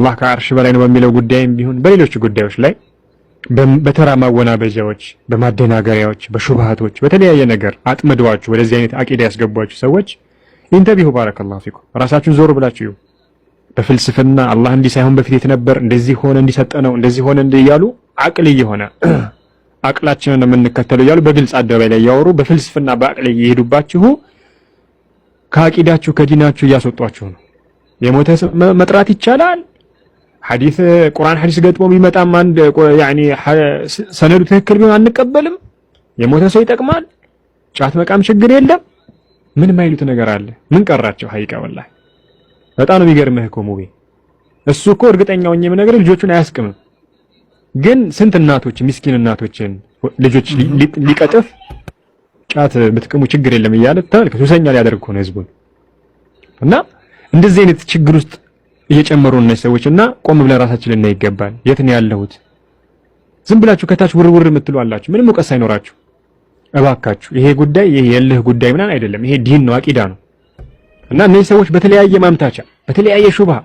አላህ ከአርሽ በላይ ነው በሚለው ጉዳይም ቢሆን በሌሎች ጉዳዮች ላይ በተራ ማወናበጃዎች፣ በማደናገሪያዎች፣ በሹብሃቶች በተለያየ ነገር አጥምደዋችሁ ወደዚህ አይነት አቂዳ ያስገቧችሁ ሰዎች ኢንተቢሁ ባረከላሁ ፊኩም ራሳችሁን ዞር ብላችሁ ይሁ በፍልስፍና አላህ እንዲህ ሳይሆን በፊት የተነበር እንደዚህ ሆነ እንዲሰጠ ነው እንደዚህ ሆነ እንዲህ እያሉ አቅል እየሆነ አቅላችንን የምንከተለው እያሉ በግልጽ አደባባይ ላይ እያወሩ በፍልስፍና በአቅል እየሄዱባችሁ ከአቂዳችሁ ከዲናችሁ እያስወጧችሁ ነው። የሞተ መጥራት ይቻላል። ሐዲስ ቁርአን ሐዲስ ገጥሞ ቢመጣም አንድ ያኒ ሰነዱ ትክክል ቢሆን አንቀበልም። የሞተ ሰው ይጠቅማል። ጫት መቃም ችግር የለም። ምን ማይሉት ነገር አለ? ምን ቀራቸው? ሀቂቃ ወላሂ በጣም ነው የሚገርምህ እኮ ሙቤ። እሱ እኮ እርግጠኛ እኛ ነገር ልጆቹን አያስቅምም። ግን ስንት እናቶች ምስኪን እናቶችን ልጆች ሊቀጥፍ ጫት ብትቅሙ ችግር የለም እያለ ተመልከት፣ ሱሰኛ ሊያደርግ እኮ ነው ህዝቡን እና እንደዚህ አይነት ችግር ውስጥ እየጨመሩ እነዚህ ሰዎች እና ቆም ብለን ራሳችን ልናይ ይገባል። የት ነው ያለሁት? ዝም ብላችሁ ከታች ውርውር የምትሉ አላችሁ፣ ምንም እውቀት ሳይኖራችሁ። እባካችሁ ይሄ ጉዳይ ይሄ የልህ ጉዳይ ምናምን አይደለም። ይሄ ዲን ነው፣ አቂዳ ነው። እና እነዚህ ሰዎች በተለያየ ማምታቻ በተለያየ ሹብሃ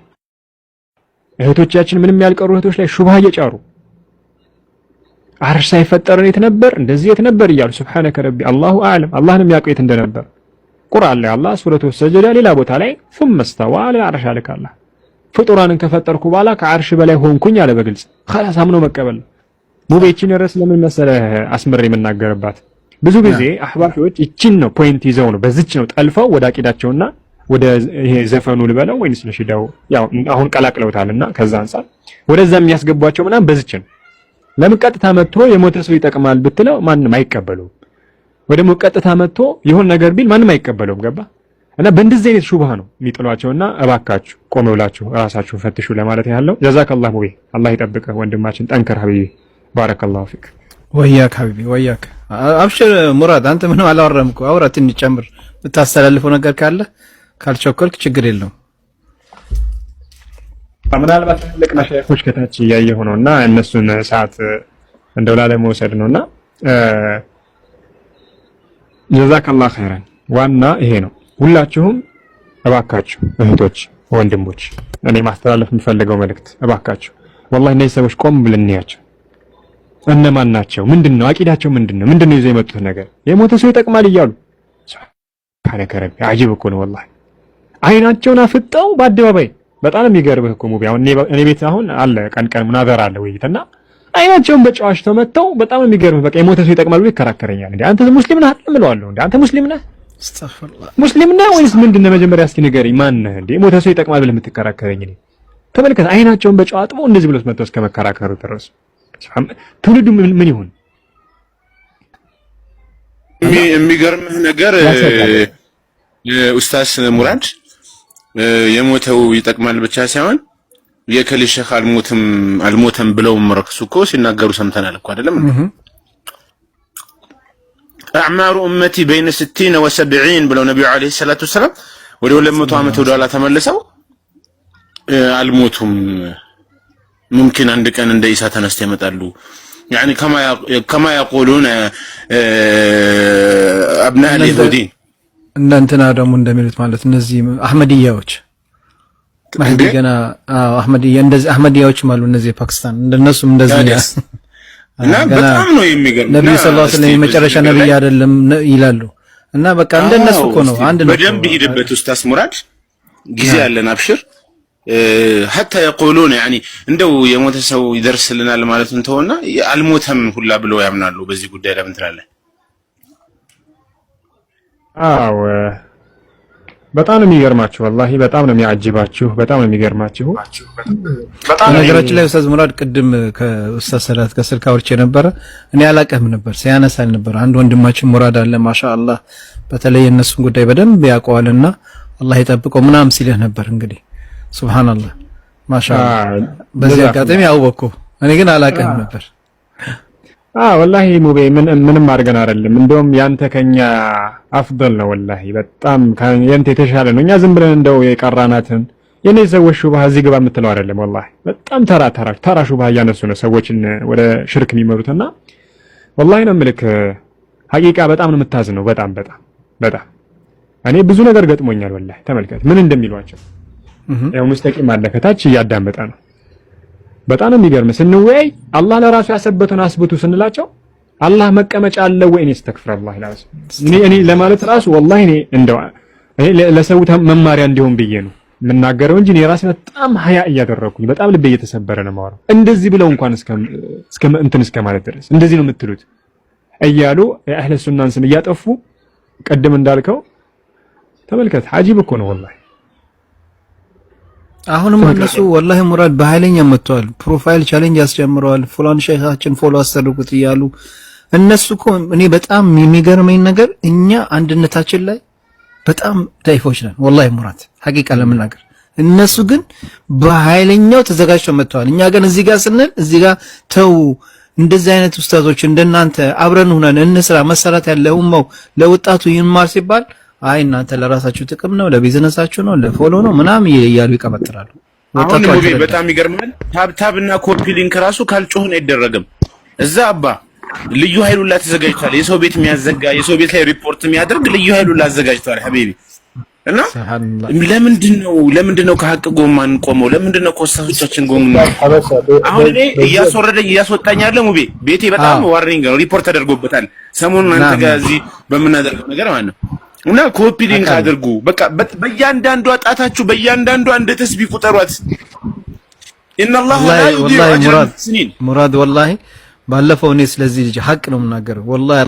እህቶቻችን ምንም ያልቀሩ እህቶች ላይ ሹብሃ እየጫሩ አርሽ ሳይፈጠር የት ነበር እንደዚህ የት ነበር እያሉ ሱብሓነከ ረቢ አላሁ አዕለም አላህን የሚያውቀው የት እንደነበር ቁርአን ላይ አላህ ሱረቱ ሰጀዳ ሌላ ቦታ ላይ ثم استوى على العرش አልካላ ፍጡራንን ከፈጠርኩ በኋላ ከአርሽ በላይ ሆንኩኝ አለ በግልጽ ኸላስ አምኖ መቀበል ሙቤችን ረስ ለምን መሰለህ አስምር የምናገርባት ብዙ ጊዜ አህባሾች ይችን ነው ፖይንት ይዘው ነው በዚች ነው ጠልፈው ወደ አቂዳቸውና ወደ ይሄ ዘፈኑ ልበለው ወይንስ ነሽዳው ያው አሁን ቀላቅለውታልና ከዛ አንፃር ወደዛ የሚያስገቧቸው ምናምን በዚች ነው ለምን ቀጥታ መጥቶ የሞተ ሰው ይጠቅማል ብትለው ማንም አይቀበለውም ወይ ደግሞ ቀጥታ መጥቶ ይሁን ነገር ቢል ማንም አይቀበለውም ገባ እና በእንደዚህ አይነት ሹብሃ ነው እና እባካችሁ ቆም ብላችሁ ራሳችሁን ፈትሹ ለማለት ያለው። ጀዛከላሁ ወይ አላህ ይጠብቀ ወንድማችን፣ ጠንከር ሀቢቢ። ባረከላሁ ፊክ ወያክ ሀቢቢ ወያክ። አብሽር ሙራድ፣ አንተ ምንም አላወራም እኮ አውራ፣ ትንሽ ጨምር። ነገር ካለ ካልቸኮልክ ችግር የለውም። ምናልባት ትልቅ መሻይኮች ከታች እያየሁ ነው እና እነሱን ሰዓት እንደው ላለመውሰድ ነው እና ጀዛከላሁ ኸይረን። ዋና ይሄ ነው ሁላችሁም እባካችሁ እህቶች፣ ወንድሞች እኔ ማስተላለፍ የምፈልገው መልእክት እባካችሁ ወላሂ እነዚህ ሰዎች ቆም ብለን እንያቸው። እነማን ናቸው? ምንድን ነው አቂዳቸው? ምንድን ነው ምንድን ነው ይዘው የመጡት ነገር? የሞተ ሰው ይጠቅማል እያሉ ሱብሃነከ ረቢ፣ እኮ ነው ወላሂ። አይናቸውን አፍጠው በአደባባይ በጣም የሚገርምህ እኮ ሙቢ፣ አሁን እኔ ቤት አሁን አለ ቀን ቀን ሙናዘራ አለ ውይይት እና አይናቸውን በጨዋሽተው መጥተው በጣም የሚገርምህ በቃ የሞተ ሰው ይጠቅማል ብሎ ይከራከረኛል። እንዴ አንተ ሙስሊም ነህ አጥምለዋለሁ። እንዴ አንተ ሙስሊም ነህ ሙስሊም ነህ ወይስ ምንድን ነው? መጀመሪያ እስኪ ንገረኝ። ማን ነህ እንዴ? ሞተ ሰው ይጠቅማል ብለህ የምትከራከረኝ? እኔ ተመልከት፣ አይናቸውን በጨው አጥቦ እንደዚህ ብሎት መጥቶ እስከ መከራከሩ ደረሱ። ትውልዱ ምን ይሁን? የሚገርምህ ነገር ኡስታዝ ሙራድ የሞተው ይጠቅማል ብቻ ሳይሆን የከሌ ሼህ አልሞተም አልሞተም ብለውም ረክሱ እኮ ሲናገሩ ሰምተናል እኮ አይደለም አዕማሩ እመቲ በይነ ስቲነ ወሰብዒን ብለው ነቢዩ ዓለይሂ ሰላቱ ወሰላም ወደ ሁለት መቶ ዓመት ወደኋላ ተመልሰው አልሞቱም። ሙምኪን አንድ ቀን እንደ ኢሳ ተነስተው ይመጣሉ። ያኒ ከማ የቁሉነ አብናእ ልይሁዲን እንደ ደግሞ እንደሚሉት ማለት እነዚህ አህመድያዎች ማህዲ ገና አህመድያ እንደዚህ አህመድያዎችም አሉ። እነዚህ ፓኪስታን እንደነሱም እንደዚህ እና በጣም ነው የሚገርም ነብዩ ሰለላሁ ዐለይሂ ወሰለም መጨረሻ ነብይ አይደለም ይላሉ። እና በቃ እንደነሱ እኮ ነው። አንድ ነው። በደንብ ሂድበት ኡስታዝ ሙራድ ጊዜ ያለን አብሽር ሐታ የቁሉን ያኒ እንደው የሞተ ሰው ይደርስልናል ማለት እንተውና አልሞተም ሁላ ብለው ያምናሉ። በዚህ ጉዳይ ለምን ትላለህ? አዎ በጣም ነው የሚገርማችሁ፣ ወላሂ በጣም ነው የሚያጅባችሁ፣ በጣም ነው የሚገርማችሁ። ነገራችን ላይ ኡስታዝ ሙራድ ቅድም ከኡስታዝ ሰላት ከስልክ አውርቼ ነበረ። እኔ አላቀም ነበር ሲያነሳል ነበር። አንድ ወንድማችን ሙራድ አለ ማሻአላህ፣ በተለይ የእነሱን ጉዳይ በደንብ ያውቀዋልና አላህ ይጠብቀው ምናምን ሲልህ ነበር። እንግዲህ ሱብሃንአላህ ማሻአላህ። በዚህ አጋጣሚ አወኩ፣ እኔ ግን አላቀም ነበር። አዎ ወላሂ ሙቤ ምንም አድርገን አይደለም። እንደውም ያንተ ከኛ አፍደል ነው ወላሂ በጣም ያንተ የተሻለ ነው። እኛ ዝም ብለን እንደው የቀራናትን የኔ ሰዎች ሹብሃ እዚህ ግባ የምትለው አይደለም። ወላሂ በጣም ተራ ተራ ተራ ሹብሃ እያነሱ ነው ሰዎችን ወደ ሽርክ የሚመሩትና ወላሂ ነው ምልክ ሀቂቃ በጣም ነው የምታዝነው። በጣም በጣም በጣም እኔ ብዙ ነገር ገጥሞኛል ወላሂ። ተመልከት ምን እንደሚሏቸው ያው ሙስተቂም አለ ከታች እያዳመጠ ነው በጣም የሚገርም ስንወያይ አላህ ለራሱ ያሰበትን አስብቱ ስንላቸው አላህ መቀመጫ አለ ወይ? እኔ እስተግፍሩላህ እኔ ለማለት ራሱ ወላሂ እኔ እንደው ለሰው መማሪያ እንዲሆን ብዬ ነው የምናገረው እንጂ እኔ ራሴ በጣም ሀያ እያደረኩኝ በጣም ልቤ እየተሰበረ ነው የማወራው። እንደዚህ ብለው እንኳን እስከ እንትን እስከ ማለት ድረስ እንደዚህ ነው የምትሉት እያሉ የአህለ ሱናን ስም እያጠፉ ቅድም እንዳልከው ተመልከት፣ አጂብ እኮ ነው ወላሂ አሁንም እነሱ ወላሂ ሙራድ በኃይለኛ መጥተዋል። ፕሮፋይል ቻሌንጅ ያስጀምረዋል። ፉላን ሼኻችን ፎሎ አስደርጉት እያሉ እነሱ እኮ እኔ በጣም የሚገርመኝ ነገር እኛ አንድነታችን ላይ በጣም ዳይፎች ነን። ወላሂ ሙራድ ሐቂቃ ለመናገር እነሱ ግን በኃይለኛው ተዘጋጅተው መጥተዋል። እኛ ግን እዚህ ጋር ስንል እዚህ ጋር ተው እንደዚህ አይነት ኡስታዞች እንደናንተ አብረን ሆነን እንስራ መሰራት ያለ ለውማው ለወጣቱ ይማር ሲባል አይ እናንተ ለራሳችሁ ጥቅም ነው፣ ለቢዝነሳችሁ ነው፣ ለፎሎ ነው ምናምን እያሉ ይቀበጥራሉ። አሁን በጣም ይገርማል። ታብታብ እና ኮፒ ሊንክ ራሱ ካልጮህን አይደረግም። እዛ አባ ልዩ ኃይሉላ ተዘጋጅቷል። የሰው ቤት የሚያዘጋ የሰው ቤት ላይ ሪፖርት የሚያደርግ ልዩ ኃይሉላ አዘጋጅቷል። ሀቢቢ እና ለምንድን ነው ለምንድን ነው ከሀቅ ጎማን ቆመው ለምንድን ነው ኮሳሶቻችን ጎማ? አሁን እኔ እያስወረደኝ እያስወጣኝ ያለ ሙቤ ቤቴ በጣም ዋርኒንግ ነው፣ ሪፖርት ተደርጎበታል። ሰሞኑን አንተ ጋር እዚህ በምናደርገው ነገር ማለት ነው እና ኮፒ ሊንክ አድርጉ። በቃ በእያንዳንዷ ጣታችሁ በእያንዳንዷ እንደ ተስቢ ቁጠሯት። ኢነላህ ላ ዩዲዑ አጅረ ሙራድ ወላሂ ባለፈው እኔ ስለዚህ ልጅ ሀቅ ነው የምናገረው ወላሂ